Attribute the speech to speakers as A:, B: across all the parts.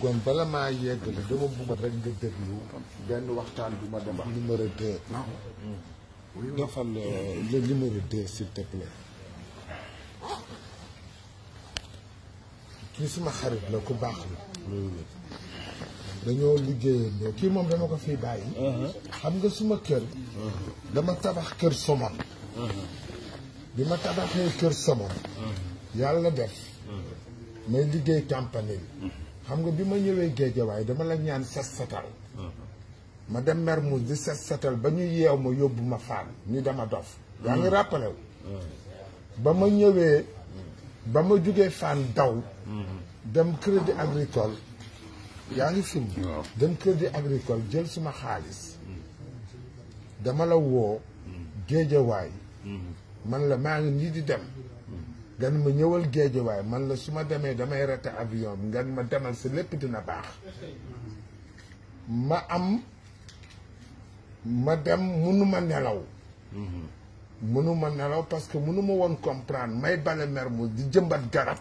A: kon bala maa yeggale dama bëgg rek nga déglu benn waxtaan bu ma dem numéro deux defal le numéro deux s'il te plaît kii suma xarit la ku baax la dañoo liggéeyandoo kii moom dama ko fiy bàyyi xam nga suma kër dama tabax kër somon bi ma tabaxee kër somon yàlla def may liggéey campagne bi xam nga bi ma ñëwee géejawaay dama la ñaan set setal mm-hmm. ma dem Mermoz di set setal ba ñu yeew ma yóbbu ma faan ni dama dof yaa ngi mm-hmm. rappelé wu mm-hmm. ba ma ñëwee ba ma jugee faan daw dem crédit agricole yaa ngi film dem crédit agricole jël suma xaalis dama la woo géejawaay man la maa ngi nii di dem nga ne ma ñëwal waaye man la su ma demee damay raté avion bi nga ne ma demal sa lépp dina baax ma am ma dem mënuma nelaw mënuma nelaw parce que mënuma woon comprendre may bale mer di jëmbat garab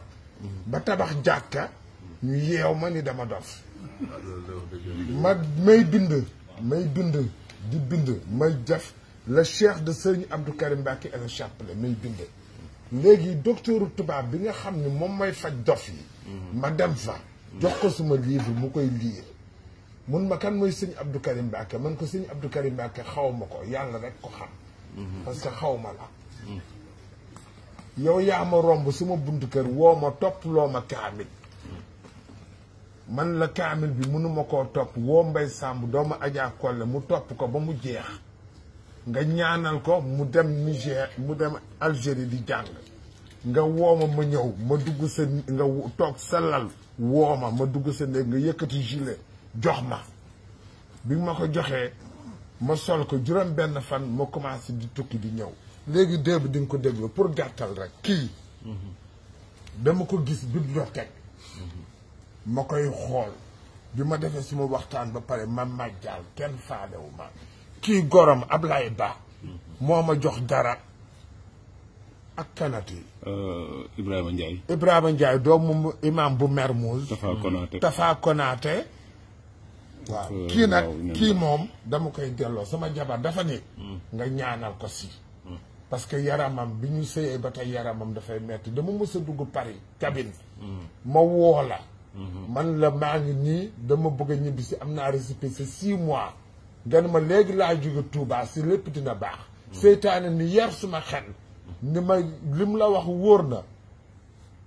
A: ba tabax jàkka ñu yeew ma ni dama dof ma may bind may bind di bind may def le cheikh de Serigne Abdou Karim Mbacké et le chapelet may bind léegi docteur tubaab bi nga xam ne moom may faj dof yi. Mhm. ma dem fa. Mhm. jox ko suma livre mu koy liir. mun ma kan mooy sëñ Abdou bi Mbacké man ko sëñ Abdou Karim Mbacké xaw ma ko yàlla rek ko xam. Mhm. parce que xaw ma la. yow yaa ma romb suma buntu kër woo ma topp loo ma kaamil. man la kaamil bi mënuma koo topp woo Mbay Sàmb doomu Ajaa Kolle mu topp ko ba mu jeex. nga ñaanal ko mu dem Niger mu dem Algérie di jàng nga wooma ma ñëw ma dugg sa nga toog sa lal wooma ma dugg sa néeg nga yëkkati gilet jox ma bi ma ko joxee ma sol ko juróom benn fan ma commencé di tukki di ñëw léegi démb di nga ko déglu pour gàttal rek kii mm-hmm. dama ko gis teg ma koy xool bi ma defee suma waxtaan ba pare ma màjjaal kenn faalewu ma kii gorom Ablaye Ba moo ma jox dara ak kanati euh, Ibrahima Ndiaye Ibrahima Ndiaye doomu imam bu Mermoz Tafa Konaté waaw euh, kii nag kii moom dama koy delloo sama jabar dafa ni nga ñaanal ko si parce que yaramam bi ñu sëyee ba tey yaramam dafay metti dama mës a dugg Paris cabine ma woo la mm-hmm. man la maa ngi nii dama bëgg a ñibbi si am naa si six mois dana ma léegi laa jóge tuubaa si lépp dina baax seytaane ni yar suma xel ni ma lim la wax wóor na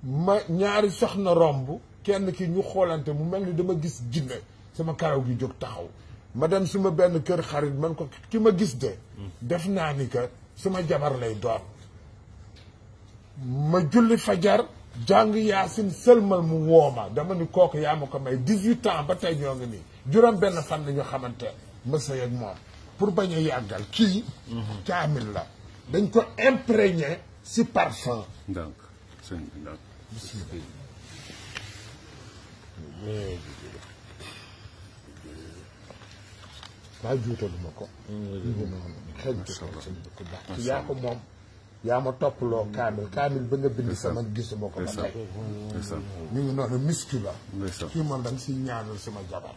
A: ma ñaari soxna romb kenn ki ñu xoolante mu mel ni dama gis jinne sama karaw gi jóg taxaw ma dem suma benn kër xarit man ko ki ma gis de def naa ni que suma jabar lay doon ma julli fajar jàng yaasin sëlmal mu wooma dama ni kooku yaa ma ko may dix-huit ans ba tey ñoo ngi nii juróom benn fan la ñu xamante ma ak moom pour bañ a ki kii kaamil la dañ ko imprégné si parfum donc maa juutaluma Ya xëy na yaa ko moom yaa ma toppaloo kaamil kaamil ba nga bind sama gisuma ko ba ngi noonu miskila ki kii moom ci si ñaanal sama jabar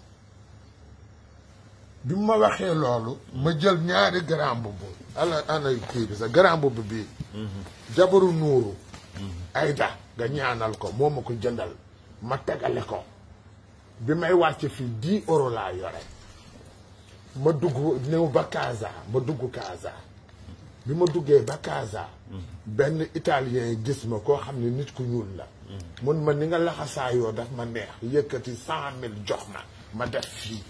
A: bi ma waxee loolu ma jël ñaari grand mbubb ana ana kii bi sax grand mbubb bii jabaru nuuru ayda nga ñaanal ko moo ma ko jëndal ma tegale ko bi may wàcc fii dix euro laa yore ma dugg néew ba Casa ma dugg Casa bi ma duggee ba Casa benn italien gis ma koo xam ne nit ku ñuul la mun ma ni nga laxasaayoo daf ma neex yëkkati cent mille jox ma ma def fii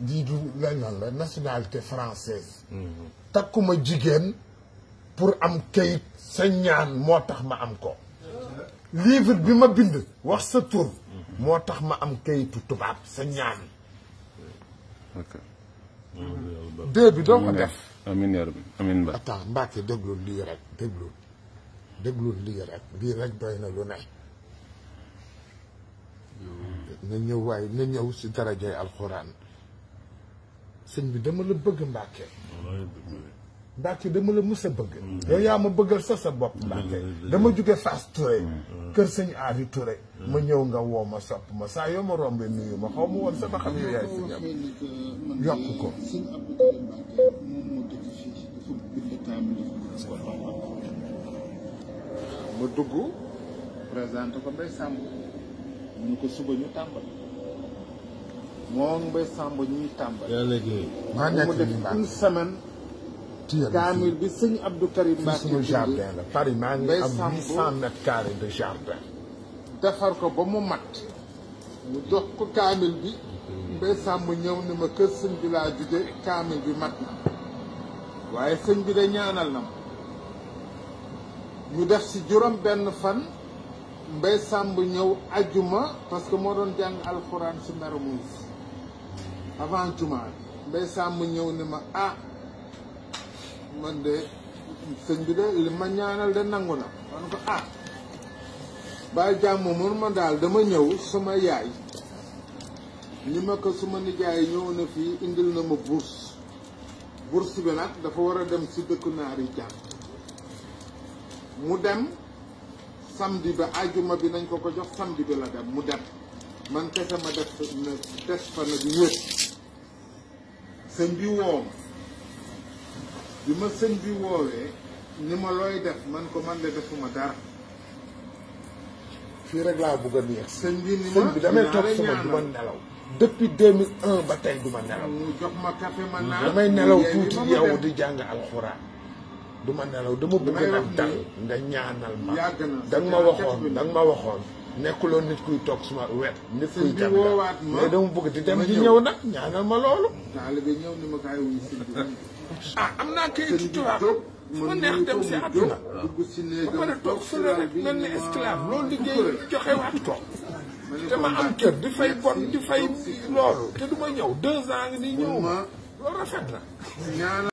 A: jiitu lañ naan la nationalité française mhm. takkuma jigéen pour am kayit sa ñaan moo tax ma am ko livre bi ma bind wax sa tur mhm. moo tax ma am kayitu tubaab sa ñaan deux bi doo ko def amiin yaa rabbi amiin déglul lii rek déglul déglul lii rek lii rek doy na lu ne na ñëw waaye na ñëw si darajay alxuraan sëñ bi dama la bëgg Mbàkke Mbàkke dama la mus a bëgg mm. yow yaa ma bëggal sa sa bopp Mbàkke dama jóge Fass Touré mm. kër sëñ Ari Touré mm. ma ñëw nga woo ma sopp ma saa yoo ma rombe nuyu ma xaw ma woon sama xam yow yaay sëñ am yokk ko ma dugg présenté ko Mbaye suba ñu tàmbali moom Mbaye Samb ñuy tàmbali. yaa léegi maa nekk une semaine. kaamil bi sëñ Abdou Karim Mbacke suñu jardin la Paris ngi am 800 mètres carrés de jardin. defar ko ba mu mat. mu jox ko kaamil bi. Mbaye Samb ñëw ni ma kër sëñ bi laa jugee kaamil bi mat bi ñaanal na ñu def si juróom ben fan. Mbaye Samb ñëw ajjuma parce que moo doon avant tuma mbay sàmm ñëw ne ma ah man de sëñ bi de li ma ñaanal de nangu na man ko ah bàyyi jàmm mun ma daal dama ñëw sama yaay ni ma ko suma nijaay ñëw na fii indil na ma bourse bourse bi nag dafa war dem si dëkku naar yi mu dem samedi ba ajuma bi nañ ko ko jox samedi bi la dem mu dem man kese ma def na des fa sëñ bi woo ma sëñ bi woowee ni ma looy def man ko man de defuma dara fii rek laa bëgg a neex sëñ bi ni ma sëñ bi damay toog sama du ma nelaw depuis 2001 ba tey du ma nelaw mu jox ma ma damay nelaw tuuti yow di jàng alxuraan du ma nelaw dama bëgg nag dal nga ñaanal ma danga ma waxoon danga ma waxoon nekkuloon nit kuy toog suma wet. nit kuy gàncax bi ma mais dama bëgg di dem di ñëw nag ñaanal ma loolu. taalibe ñëw ni ma kaay wuy si. ah am naa kayitu tubaab fu ma neex dem si àdduna. ba pare toog solo rek mel ni esclave loolu liggéey joxe waat ko. te ma am kër di bon di fay loolu te du ma ñëw deux ans ngi nii ñëw loolu rafet na.